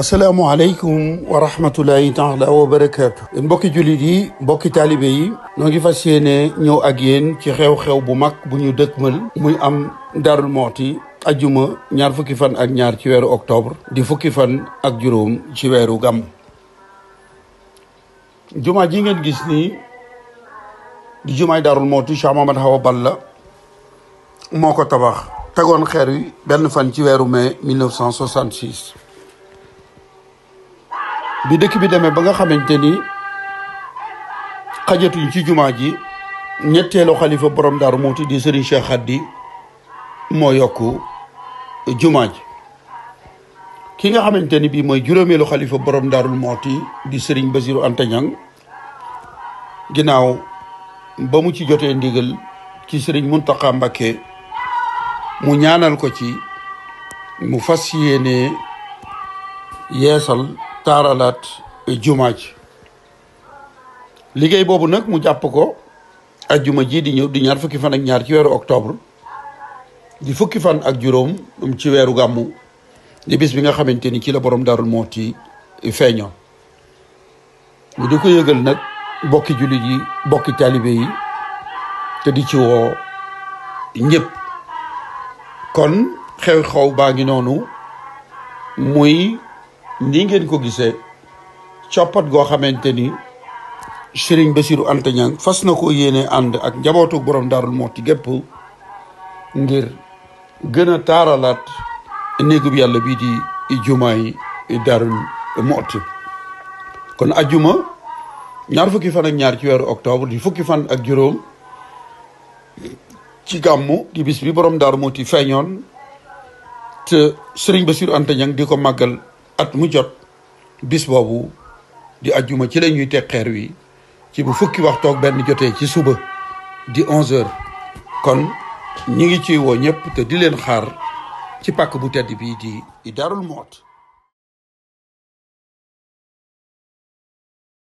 asalaamaaleykum wa rahmatulahi taala wa barakaatu mbokki jullit yi mbokki taalibe yi ñoo ngi fas yéene ñëw ak yéen ci xew-xew bu mag bu ñu dëkkmal muy am Darou Mouhty ajjuma ñaar fukki fan ak ñaar ci weeru octobre di fukki fan ak juróom ci weeru gàmm jumaa ji ngeen gis nii di jumaay daarul mooti Cheikh Mahamad Hawa Balla moo ko tabax tegoon xer wi benn fan ci weeru mai 1966 bi dëkk bi demee ba nga xamante ni xajatuñ ci jumaa ji ñetteelu xalifa borom daaru moo di Serigne Cheikh Khady moo yokk jumaa ji ki nga xamante ni bii mooy juróomeelu xalifa borom daarul mooti di sëriñ Basiru Anta Ñang ginnaaw ba mu ci jotee ndigal ci Serigne Muntaxa Mbakke mu ñaanal ko ci mu fas yéene yeesal taaralaat jumaa ji liggéey boobu nag mu jàpp ko juma jii di ñëw di ñaar fukki fan ak ñaar ci weeru octobre di fukki fan ak juróom ci weeru gàmmu di bi nga xamante ni ci la borom daarul mooti feeñoo ñu di ko yëgal nag bokki jullit yi bokki taalibe yi te di ci woo ñëpp kon xew-xew baa ngi noonu muy ni ngeen ko gisee coppat goo xamante ni Serigne Bassirou Anta fas na ko yéene ànd ak njabootu borom daarul mooti gépp ngir gën a taaralaat néegub yàlla bii di jumaay Daarul Muhti kon ajjuma ñaar fukki fan ak ñaar ci weeru octobre di fukki fan ak juróom ci gàmmu di bis bi borom Daaru Muhti feeñoon te Serigne Bassirou Anta Niang di ko màggal at mu jot bis boobu di ajjuma ci la ñuy teg xeer wi ci bu fukki waxtoog benn jotee ci suba di 11 heures kon ñi ngi ciy woo ñëpp te di leen xaar ci pàkk bu tedd bii di Darou Mouhty